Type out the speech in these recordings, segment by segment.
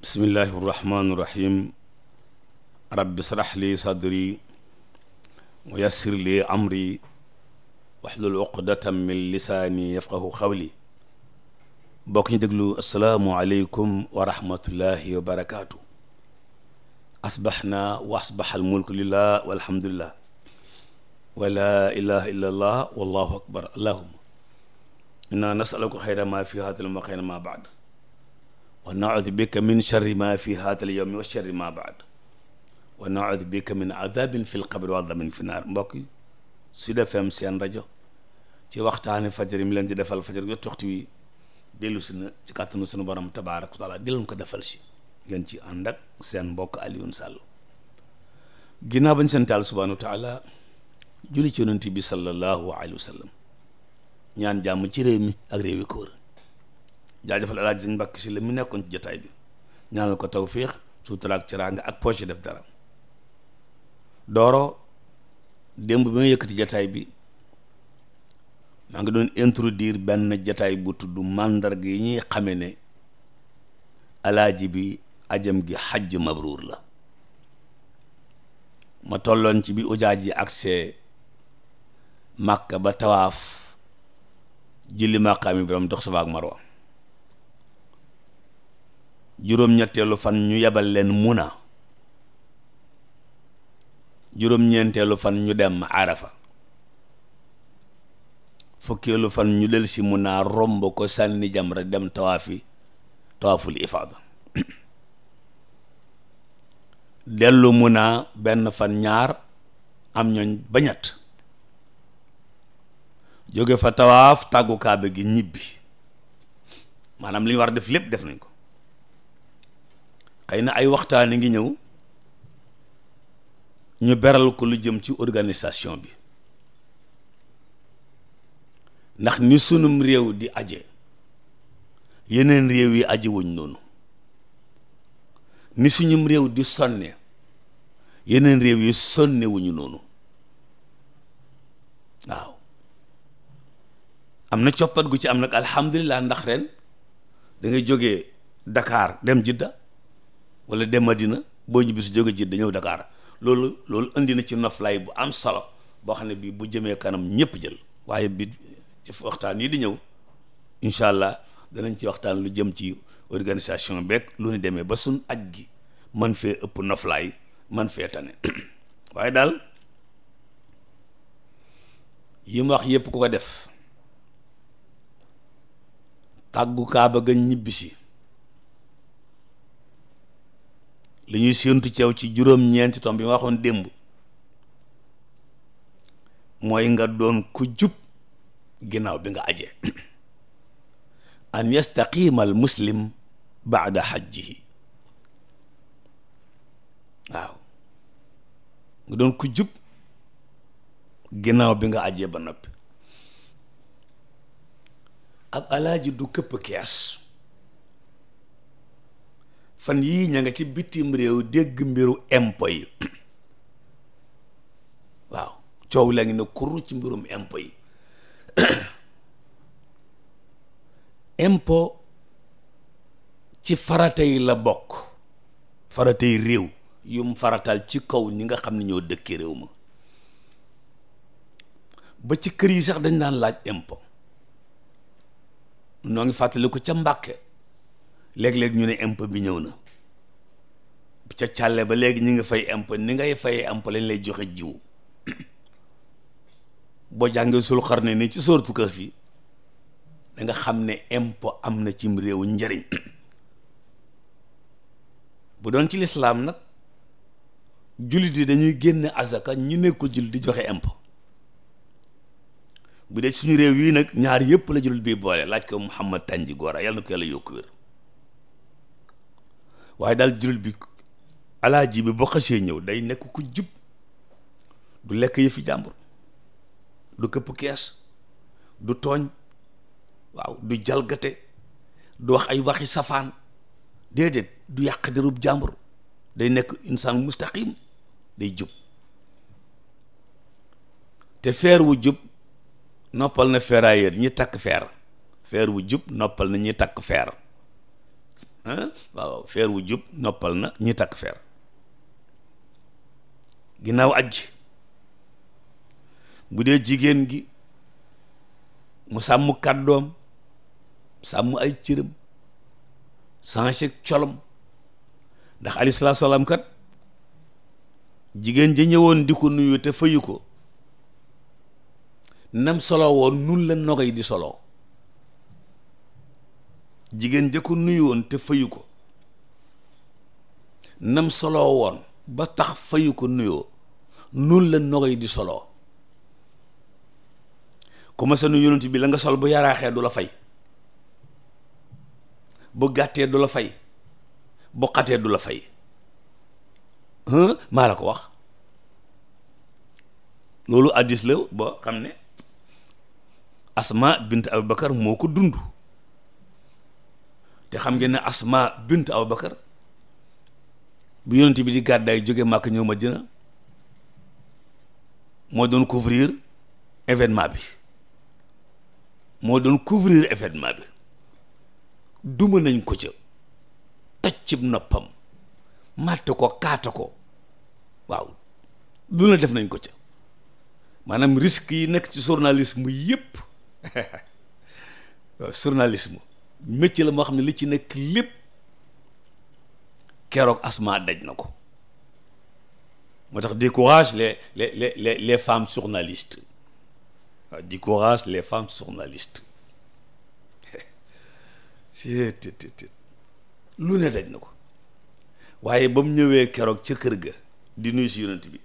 bismillahi irrahmani irrahim rabbi srah li sadri wa yassir li amri waxlul uqdatan min lisaani yafqahu xawli bokk ñu déglu asalaamu aleykum wa rahmatullahi wa barakaatu asbaxna wa asbax almulku lillah walhamdulillah wa laa ilaha illa allah wallahu akbar allahuma inna nasaluka xayra ma fi haadal wa xayra ma baad wa naudu bika min sharri ma fi haatal yowmi wa sharri ma baad wa naudu bika min adabin fi lqabri wa adabin fi naar mbokk Sud FM seen rajo ci waxtaani fajar mi leen di defal fajar jot waxtu wi dellu si na ci kàttanu sunu borom tabaaraka wa taala di leen ko defal si ngeen ci ànd ak seen mbokk Alioune naa ginnaaw bañ seen taal subhaanahu wa taala julli ci yonent bi sallallahu alayhi wa ñaan jàmm ci réew ak réew yi ko jaajëfal alaaji sëñ Mbàkke si la mu nekkoon ci jotaay bi ñaanal ko tawfiix sutura ak ciraanga ak poche def dara dooro démb bi ma yëkkati jataay bi maa ngi doon introduire benn jataay bu tudd màndarga yi ñuy xame ne alaaji bi ajam gi xajj mabruur la ma tolloon ci bi ujaaj yi agsee màkka ba tawaaf julli bi borom dox safa ak marwa juróom-ñetteelu fan ñu yebal leen muna juróom-ñeenteelu fan ñu dem arafa fukkeelu fan ñu del si muna romb ko sànni jamra dem tawaafi tawaaful ifaada dellu muna benn fan ñaar am ñooñ ba ñett jóge fa tawaaf tàggu kaaba gi ñibbi maanaam li ñu war def lépp def nañ ko xëy na ay waxtaan a ngi ñëw ñu beral ko lu jëm ci organisation bi ndax ni sunum réew di aje yeneen réew yi aje wuñ noonu ni suñum réew di sonne yeneen réew yi sonne wuñu noonu waaw am na coppat gu ci am nag alhamdulilah ndax ren dangay jóge dakaar dem Jidda wala dem Madina boo ñibbi si jóge Jidda ñëw Dakar loolu loolu indi na ci noflaay bu am solo boo xam ne bii bu jëmee kanam ñëpp jël waaye bi ci waxtaan yi di ñëw incha allah danañ ci waxtaan lu jëm ci organisation beeg lu ñu demee ba sun aj gi man fee ëpp noflaay man fee tane waaye daal yi wax yëpp ku ko def tàggu kaaba ga ñibbisi li ñuy séentu ceew ci juróom-ñeenti tom bi ma waxoon démb mooy nga doon ku jub ginnaaw bi nga aje an yastaqima al muslim baada xajjihi waaw nga doon ku jub ginnaaw bi nga aje ba noppi ab alaaji du këpp kees fan yii ña nga ci bitim réew dégg mbiru impo yi waaw coow la ngi ne kur ci mbirum impo yi impo ci farata la bokk farata réew yum faratal ci kaw ñi nga xam ne ñoo dëkkee réew ma ba ci kër yi sax dañ daan laaj impo noo ngi fàttaliku ca Mbàkke léeg-léeg ñu ne imp bi ñëw na ca càlle ba léegi ñu ngi fay imp ni ngay fay imp lañ lay joxe jiw boo jàngee sul xar ne ni ci sóortu Kahf fi da nga xam ne imp am na cim réew njariñ bu doon ci lislaam nag jullit yi dañuy génne azaka ñu ko jullit di joxe imp bu de suñu réew yii nag ñaar yëpp la jullit bii boole laaj ko Mouhamad Tandji Gora yàlla na ko yàlla yokk wér waaye daal jullit bi alaaji bi boo xasee ñëw day nekk ku jub du lekk yëfi jàmbur du këpp kees du tooñ waaw du jalgate du wax ay waxi safaan déedéet du yàq derub jàmbur day nekk insaan mustaqim day jub te feer wu jub noppal na ferrailleur ñi takk feer feer wu jub noppal na ñi takk feer waaw feer wu jub noppal na ñi takk feer ginnaaw ajj bu dee jigéen gi mu sàmm kàddoom sàmm ay cëram changé colom ndax aleyhi salaatu kat jigéen ji ñëwoon di ko nuyu te fayu ko nam solo woon nun la nogay di solo jigéen jëkk ko nuyu woon te fayu ko nam soloo woon ba tax fayu ko nuyoo nu la nogoy di soloo ku ma sa bi la nga sol bu yaraaxee du la fay bu gàttee du la fay bu xattee du la fay maa la ko wax loolu addis la boo xam ne asma bint abubakar moo ko dund te xam ngeen ne asma bint Abubakar bu yonent bi di gàddaay jóge màkk ñëw ma Madina moo doon couvrir événement bi moo doon couvrir événement bi duma nañ ko ca toj cib noppam màtt ko kaata ko waaw lu na def nañ ko ca maanaam risque yi nekk ci journalisme yëpp waaw journalisme métier la moo xam ne li ci nekk lépp keroog asma daj na ko moo tax décourage les les les les femmes journalistes waaw décourage les femmes journalistes si lu ne daj na ko waaye ba mu ñëwee keroog ca kër ga di nuyu si yonent bi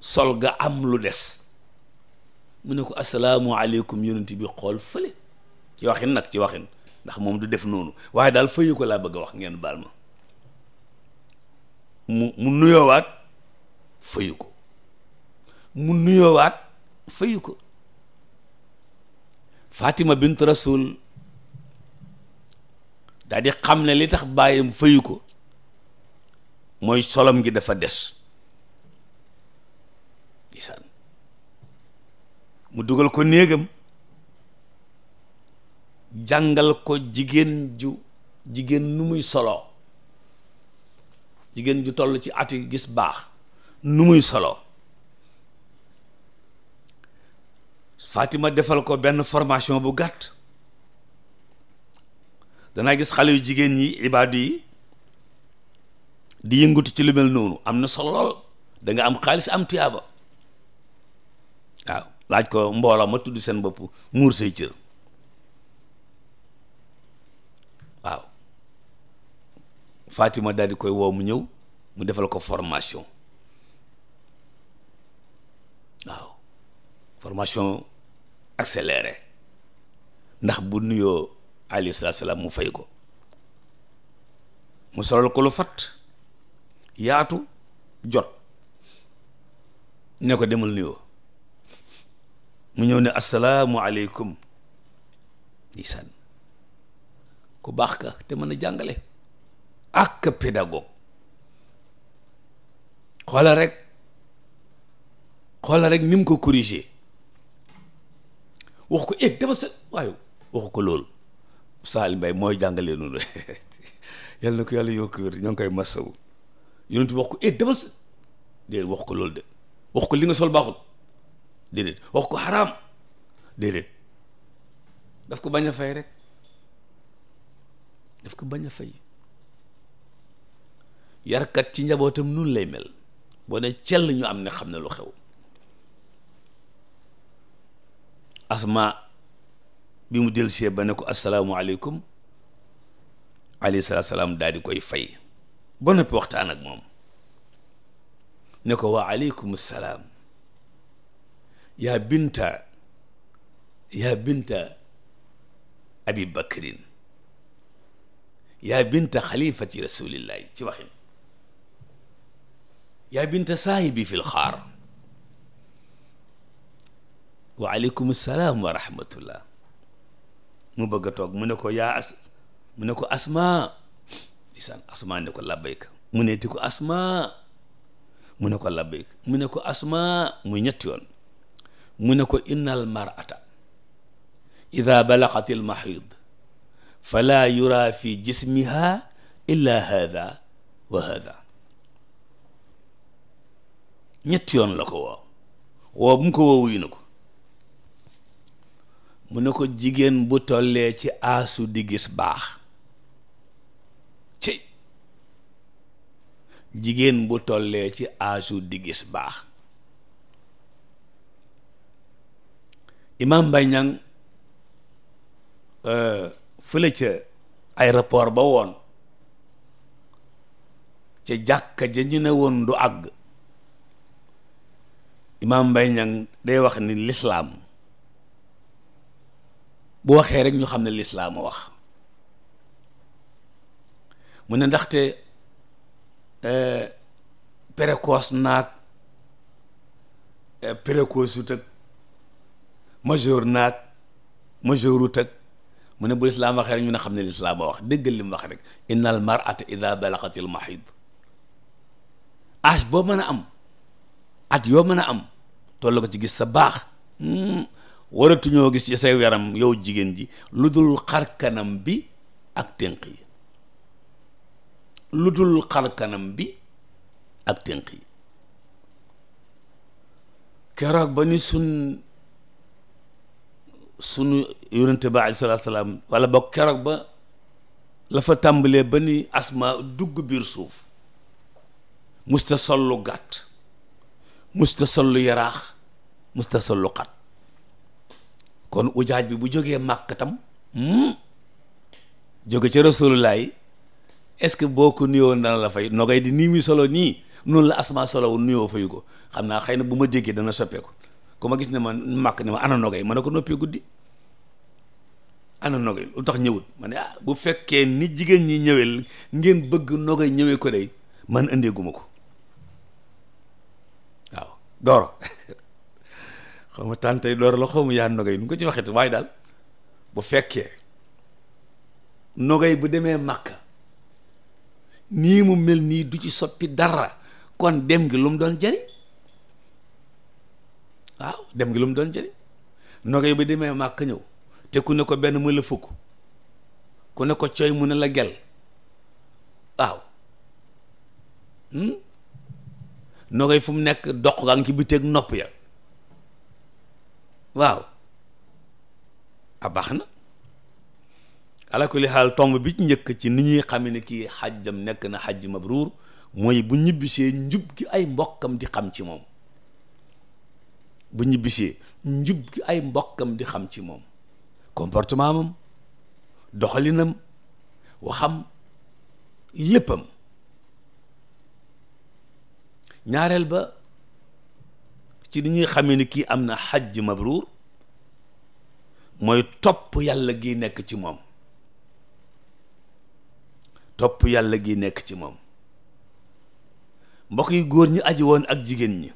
sol ga am lu des mu ne ko asalaamualeykum yonent bi xool fële ci waxin nag ci waxin ndax moom du def noonu waaye daal fayu ko laa bëgg a wax ngeen baal ma mu mu nuyoowaat fayu ko mu nuyoo waat fayu ko Fatima bint Rasul daal di xam ne li tax bàyyam fayu ko mooy solom gi dafa des mu dugal ko néegam jàngal ko jigéen ju jigéen nu muy solo jigéen ju toll ci ati gis baax nu muy solo Fatima defal ko benn formation bu gàtt danaa gis xale yu jigéen ñi ibaadu yi di yëngatu ci lu mel noonu am na solo danga am xaalis am tuyaaba waaw laaj ko mboola ma tudd seen bopp muur say cër faatima daal di koy woo mu ñëw mu defal ko formation waaw formation accélérée ndax bu nuyoo alayhi salaam mu fay ko mu solal ko lu fat yaatu jot ne ko demal nuyoo mu ñëw ne assalaamu aleykum isaan ku baax ka te mën a jàngale ak pédagogue xoola rek xoola rek ni mu ko corriger wax ko eg eh, dafa sa waaye waxu ko loolu Saal Mbay mooy jàngale noonu yàlla na ko yàlla yokk wér ñoo koy masawu yonent bi wax ko eg eh, dafa sa déedéet wax ko loolu de wax ko li nga sol baaxul déedéet wax ko xaraam déedéet daf ko bañ a fay rek daf ko bañ a fay yarkat ci njabootam nun lay mel boo ne cell ñu am ne xam ne lu xew asma bi mu dellusee ba ne ko asalaamualeykum alayhi salaam daal di koy fay ba noppi waxtaan ak moom ne ko wa aleykum salaam yaa binta yaa binta abi bakrin yaa binta xalifati ci waxin yaa binta saahibi fil xaar waaleykum salaam wa rahmatullah mu bëgg a toog mu ne ko yaa as mu ne ko asma isaan asma ne ko labbayka mu ne ti ko asma mu ne ko labbayk mu ne ko asma mu ñetti yoon mu ne ko innal mar'ata ida balaqat al mahid fala yura fi jismiha illa hada wa hada ñetti yoon la ko woo woo bu mu ko woo wuyu na ko mu ne ko jigéen bu tollee ci aasu di gis baax ci jigéen bu tollee ci aasu di gis baax imaam Mbaye Niang euh, fële ca aéroport ba woon ca jàkka ja ñu ne woon du àgg imaam Mbaye Niang day wax ni lislaam bu waxee rek ñu xam ne lislaam a wax mu ne ndaxte euh, précoce naag euh, précoce ut ak majeur naag majeur ut ak mu ne bu lislaam waxee rek ñu ne xam ne lislaam a wax déggal li mu wax rek inna al marata ida balagatil mahid âge boo mën a am at yoo mën a am toll ko ci gis sa baax waratuñoo gis ci sa yaram yow jigéen ji lu dul xar kanam bi ak tënk yi lu dul xar kanam bi ak tënk yi keroog ba ni sun sunu yonente ba aleyhi salaatu salaam wala ba keroog ba la fa tàmbalee ba ni asma dugg biir suuf musta sollu gàtt musta lu yaraax musta sollu xat kon ujaaj bi bu jógee màkk tam hmm, jóge ca rasulullah yi est-ce que boo ko nuyoon dana la fay nogay di nii muy solo nii noonu la asama solo nuyoo fayu ko xam naa xëy na bu ma jéggee dana soppeeku ku ma gis ne ma màkk ne ma ana nogay ma ne ko noppee guddi ana nogay lu tax ñëwut ma ne ah bu fekkee nit jigéen ñi ñëwee ngeen bëgg nogay ñëwee ko day man andeeguma ko dooro xaw ma tàntay dooro la xaw ma yaa nogay nu ko ci waxee waaye daal bu fekkee nogay bu demee màkka nii mu mel nii du ci soppi dara kon dem gi lu mu doon jëriñ waaw dem gi lu mu doon jëriñ nogay bu demee màkk ñëw te ku ne ko benn mu la fukk ku ne ko coy mu ne la gel waaw hmm? noo fu mu nekk doq gaa ngi ci biteeg nopp ya waaw a baax na ala kulli xaal tomb bi ci njëkk ci ni ñuy xame ne kii xajjam nekk na xajj mabruur mooy bu ñibbisee njub gi ay mbokkam di xam ci moom bu ñibbisee njub gi di xam ci moom comportement am doxalinam waxam yéppam ñaareel ba ci li ñuy xamee ni kii am na xajj mabruur mooy topp yàlla gi nekk ci moom topp yàlla gi nekk ci moom mbokk yi góor ñi aji woon ak jigéen ñi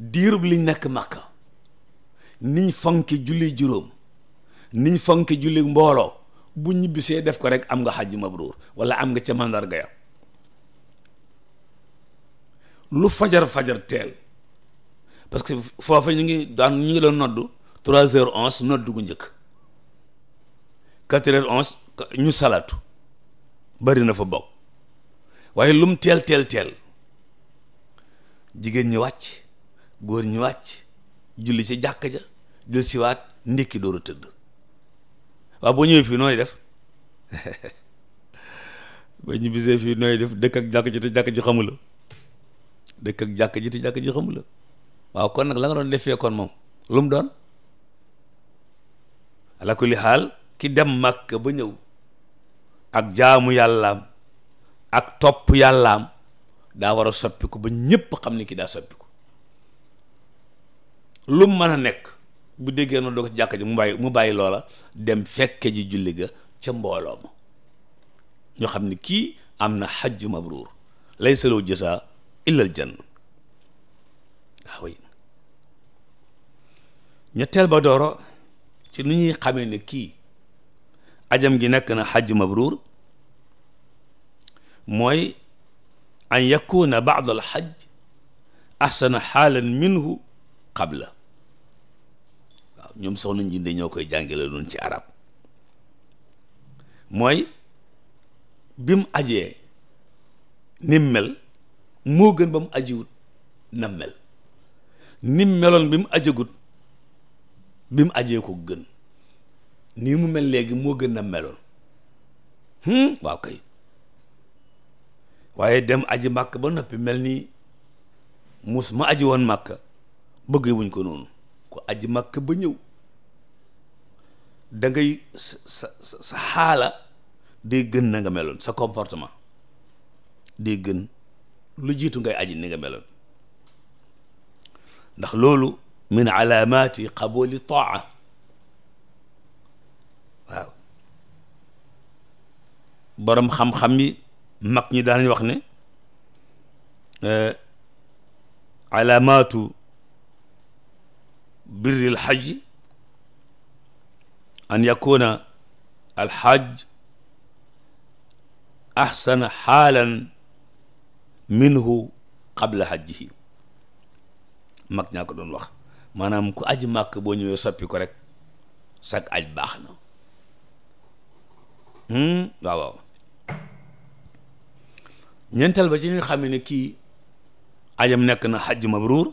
diirub liñ nekk màkka niñ fonki julli juróom niñ fonki julli mbooloo bu ñibbisee def ko rek am nga xajj mabruur wala am nga ca mandarga lu fajar fajar teel parce que foofa ñu ngi daan ñu ngi la noddu trois heures onze noddu gu njëkk quatre heures ñu salaatu bari na fa bokk waaye lum teel teel teel jigéen ñi wàcc góor ñi wàcc julli ci jàkk ja jul si waat ndékki dooru tëdd waaw boo ñëwee fii nooy def ba ñu bisee fii nooy def dëkk ak jàkk ji te jàkk ji xamula dëkk ak jàkk ji te jàkk ji xamu waaw kon nag la doon defee kon moom lu mu doon ala kulli xaal ki dem màkk ba ñëw ak jaamu yàllaam ak topp yàllaam daa war a soppiku ba ñépp xam ne kii daa soppiku lu mu mën a nekk bu déggee noonu doo ko ci jàkk ji mu bàyyi mu bàyyi loola dem fekke ji julli ga ca mbooloo ma ñu xam ni kii am na xajj mabruur laysa lahu jazaa illal janna ah, ñetteel ba dooro ci nu ñuy xamee ne kii ajam gi nekk na xajj mabruur mooy an yakuna baad al xaj ahsana xaalan minhu qabla waaw ñoom soxna njinde ñoo koy jàngale noonu ci arab mooy bi mu ajee ni moo gën ba mu ajiwut na mel ni meloon bi mu ajagut bi mu ajee ko gën nii mu mel léegi moo gën na meloon hmm? waaw kay waaye dem aji màkk ba noppi mel nii mus ma aji woon makk bëggee wuñ ko noonu ko aji màkk ba ñëw dangay ngay sa sa sa xaala day gën na nga meloon sa comportement day gën lu jiitu ngay aji nga meloon ndax loolu min alaamati qabuli taa waaw boroom xam-xam yi mag ñi daanañ wax ne eh, alaamatu birril xajji an yakuna alxaj axsana xaalan minhu qabla hajjihi mag ñaa ko doon wax maanaam ku aji màkk boo ñëwee soppi ko rek sag aj baax na hmm? waaw waaw ñeenteel ba ci ñu xam ne kii ajam nekk na hajj mabruur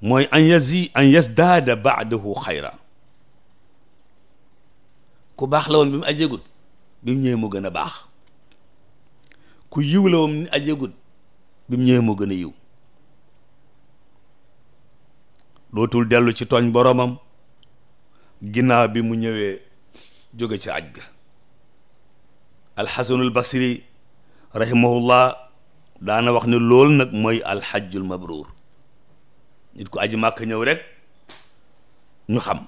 mooy an yazi an yazdaada baadahu xayra ku baax la woon bi mu ajeegul bi mu mu gën a baax ku yiw la woon ajegut bi mu ñëwee moo gën a yiw dootul dellu ci tooñ boroomam ginnaaw bi mu ñëwee jóge ci aj ga alxasanul basri rahimahullah daana wax ne lool nag mooy alxajjul mabruur nit ko aji màkk ñëw rek ñu xam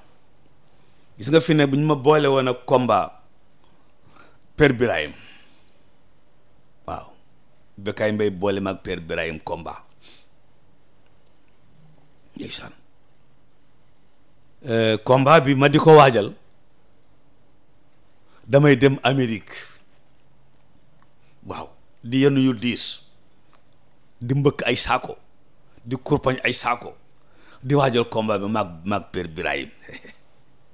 gis nga fi ne bu ñu ma boole woon ak komba per Birahim Bécaye Mbaye boole ma ak Père Birahim Komba ndeysaan combat euh, bi ma di ko waajal damay dem Amérique waaw di yenn yu diis di mbëkk ay saako di kurpañ ay saako di waajal combat bi maag maag Père Birahim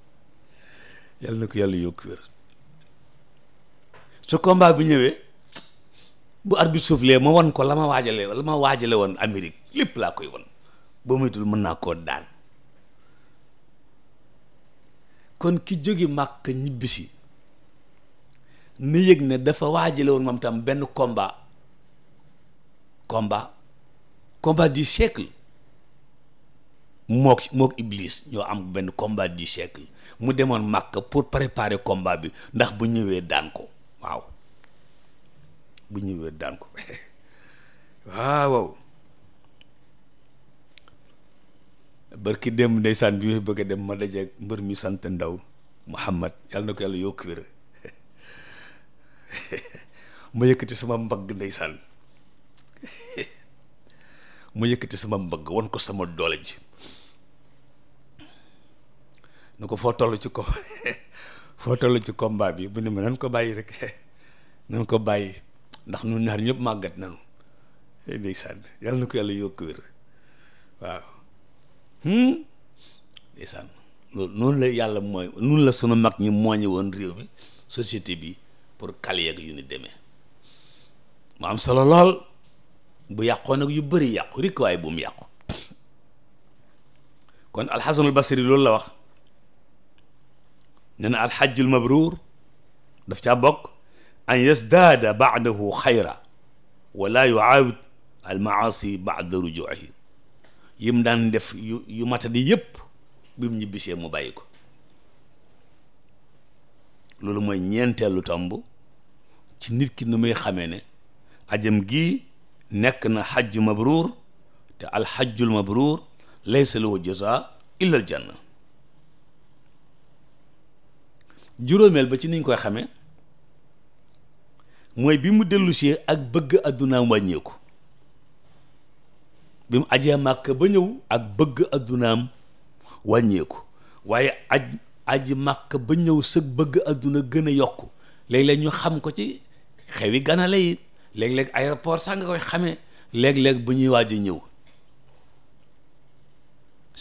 yàlla na ko yàlla yokk wér su combat bi ñëwee bu arbitre soufflé ma won ko la ma waajale la ma waajale woon Amérique lépp laa koy wan boo moytul mën naa koo daan kon ki jóge màkk ñibbisi na yëg ne dafa waajale woon moom tam benn combat combat combat du siècle mook mook iblis ñoo am benn combat di siècle mu demoon màkk pour préparer combat bi ndax bu ñëwee daan ko waaw bu ñëwee daan ko waaw barki dem ndeysaan bi muy bëgg a dem ma dajeeg mbër mi sant ndaw Muhammad yàlla na ko yàlla yokk wér ma yëkkati sama mbagg ndeysaan sama mbagg wan ko sama doole ji nu ko foo toll ci ko foo toll ci combat bi bu ne nan ko bàyyi rek nan ko bàyyi ndax ñun naar ñëpp màggat nañu eh, na ko yàlla yokk wér waaw hmm? ndeysaan loolu noonu la yàlla mooy noonu la sunu mag ñi mooñe woon réew mi société bi pour kale yu ni demee mu am solo lool bu yàqoon ak yu bëri yàqu rekk waaye bu mu yàqu kon alxasanul basri loolu la wax nee na alxajjul mabruur daf caa bokk an yasdaada baadahu xayra wala yuaawid almaasi baada rujuihi yim daan def yu yu matadi yépp bim mu ñibbisee mu bàyyi ko loolu mooy ñeenteelu tomb ci nit ki ni muy xamee ne ajam gi nekk na xajj mabruur te alxajjul mabruur laysa lahu jaza illa aljanna juróomeel ba ci niñ koy xamee mooy bi mu dellusee ak bëgg addunaam wàññeeku bi mu ajee màkk ba ñëw ak bëgg àddunaam wàññeeku waaye aj aji màkk ba ñëw sëg bëgg adduna gën a yokku léeg-léeg ñu xam ko ci xewi ganale yi léeg-léeg aéroport sax nga koy xamee léeg-léeg bu ñuy waaj a ñëw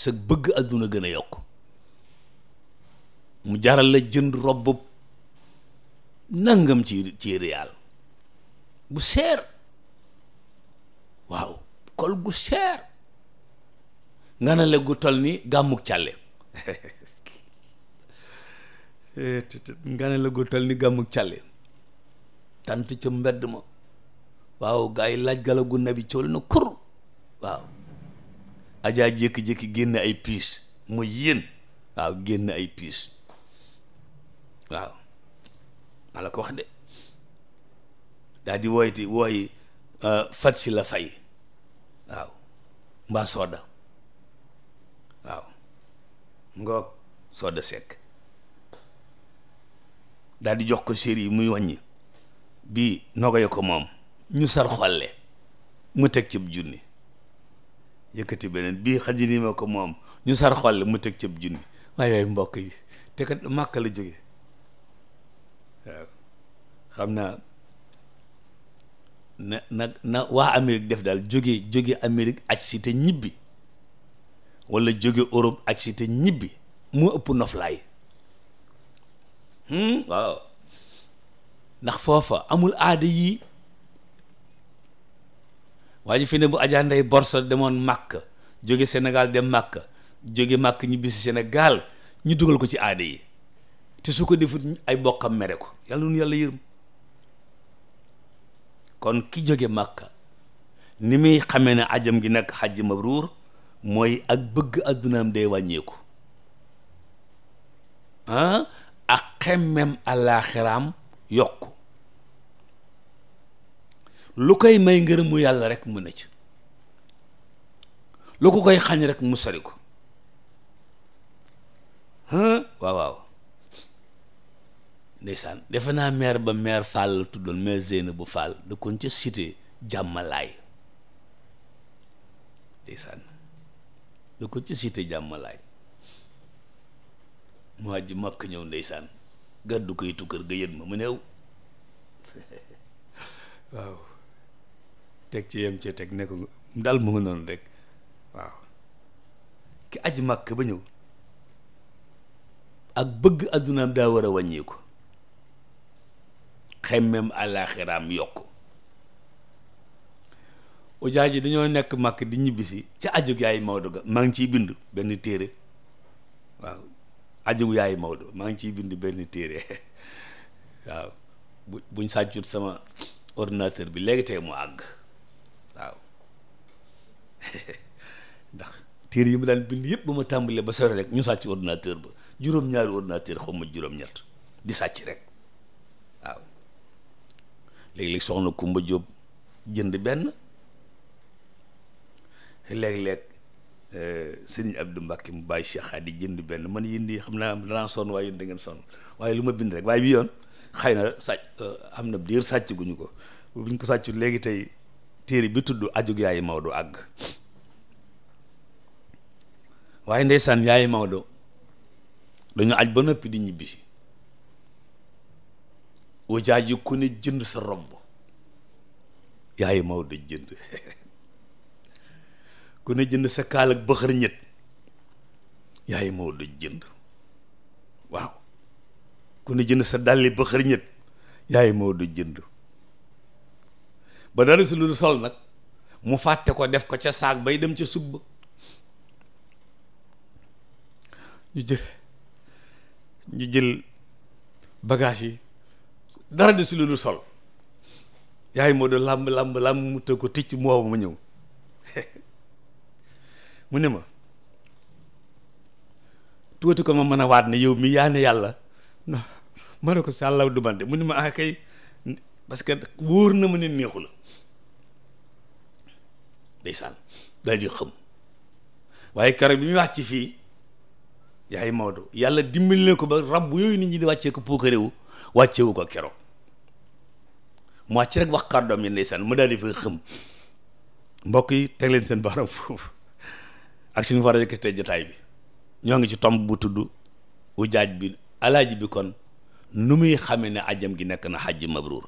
sëg bëgg àdduna gën a yokku mu jaral la jënd robb nangam ci ci réal gu seer waaw kol gu seer nga gu tol ni gàmmuk càlle tant ca mbedd ma waaw gaa yi laaj gala gu nabi cool na kur waaw ajaa jékki-jékki génn ay piis mu yéen waaw génn ay piis waaw maa la ko wax de daal di woyti wooy euh, fat si la fay waaw mbaa sodda waaw ngoog sodda sekk daal di jox ko chéri yi muy wàññi bi nogoye ko moom ñu sar xolle mu teg cib junni yëkkati beneen bii xaj ko moom ñu sar xolle mu teg cib junni waaye yooyu mbokk yi te kat màkk la jóge waaw xam naa na na na waa Amérique def daal jóge jóge Amérique aj si te ñibbi wala jóge Europe aj si te ñibbi mu ëpp noflaay hmm? ndax foofa amul aada yii waa ji fi ne bu ajaa ndey borsa demoon màkk jóge Sénégal dem màkk jóge màkk ñibbi si Sénégal ñu dugal ko ci aada yi te su ko defut ay bokkam mere ko yàlla nu yàlla yërëm kon ki jóge màkk ni muy xamee na ajam gi nekk ma ruur mooy ak bëgg addunaam day wàññeeku ah ak xemmem àllaaxiraam yokk lu koy may ngërëmu yàlla rekk mu ne ci lu ko koy xañ rek mu sori ko waaw waaw ndeysaan defe naa maire ba maire Fall la tuddoon maire Zeynabu Fall dëkkoon ca cité jàmmalaay ndeysaan dëkkoon ca siite jàmmalaay mu àjji makk ñëw ndeysaan gàddu ko yitu kër ga yët ma mu néew waaw teg ci yem ca teg ne ko daal mu ngi noonu rek waaw ki aji màkk ba ñëw ak bëgg àddunaam daa war a wàññeeku xemmem àllaaxiraam yokk ujaaj yi dañoo nekk makk di ñibbisi ca ajug yaay Maodo ga maa ngi ciy bind benn téere waaw ajug yaay Maodo maa ngi ciy bind benn téere waaw bu buñ sàccut sama ordinateur bi léegi tey mu àgg waaw ndax téere yi mu daan bind yëpp ba ma tàmbalee ba sore rek ñu sàcc ordinateur ba juróom-ñaari ordinateur xaw juróom-ñett di sàcc rek léeg-léeg soxna Kumba Jóob jënd benn léeg-léeg euh, sëriñ du Mbacke mu bàyyi Cheikh Hadi jënd benn man yéen di xam naa danaa sonn waaye yéen da ngeen sonn waaye lu ma bind rek waaye bi yoon xëy na sàcc euh, am na diir sàcc guñu ko buñ ko sàccu léegi tey téere bi tudd ajug yaayu Maodo àgg waaye ndeysaan yaayu Maodo dañu aj ba noppi di ñibbi wajaaj yi ku ne jënd sa romb yaay Maodo jënd ku ne jënd sa kaal ak bëxër ñett yaay Maodo jënd waaw ku jënd sa dàlli bëxër ñett yaay jënd ba dara si lu sol nag mu fàtte ko def ko ca saag bay dem ca sub ñu jël ñu jël bagage yi dara de si lu sol yaay moo doon làmb làmb làmb mu tëgg ko ticc mu wow ma ñëw mu ne ma tuuti ko ma mën a waat ne yow mi yaa ne yàlla non ma ne ko sàllaw du bande mu ne ma ah kay parce que wóor na ma ne neexu la ndeysaan daal di xëm waaye keroog bi muy wax ci fii yaay Maodo yàlla dimbali na ko ba rab yooyu nit ñi di wàccee ko puukarewu wàccewu ko keroog mu wàcc rek wax kàddoom yi ndeysaan mu daal di fa xëm mbokk yi teg leen seen baaram foofu ak suñu war a yëkkatee jotaay bi ñoo ngi ci tomb bu tudd ujaaj bi alaaji bi kon nu muy xamee ne ajjam gi nekk na xajj mabruur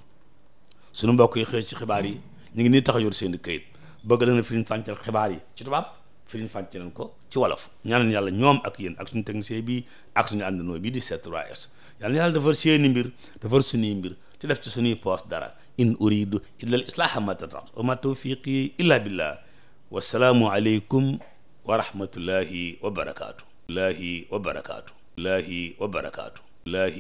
suñu mbokk yi xëy ci xibaar yi ñu ngi nii tax yor seen këyit bëgg la na firiñ fàncal xibaar yi ci tubaab firiñ fàncal ko ci wolof ñaanal yàlla ñoom ak yéen ak suñu technicien bi ak suñu àndandoo bi di c 3 yàlla na yàlla defar seeni mbir defar suñuy mbir te def ci suñuy poos dara in uridu illa al islaaha ma tataat wa ma tawfiqi illa billah wassalaamu aleykum wa rahmatullahi wa barakaatu. lahi wa barakaatu. lahi wa barakaatu. lahi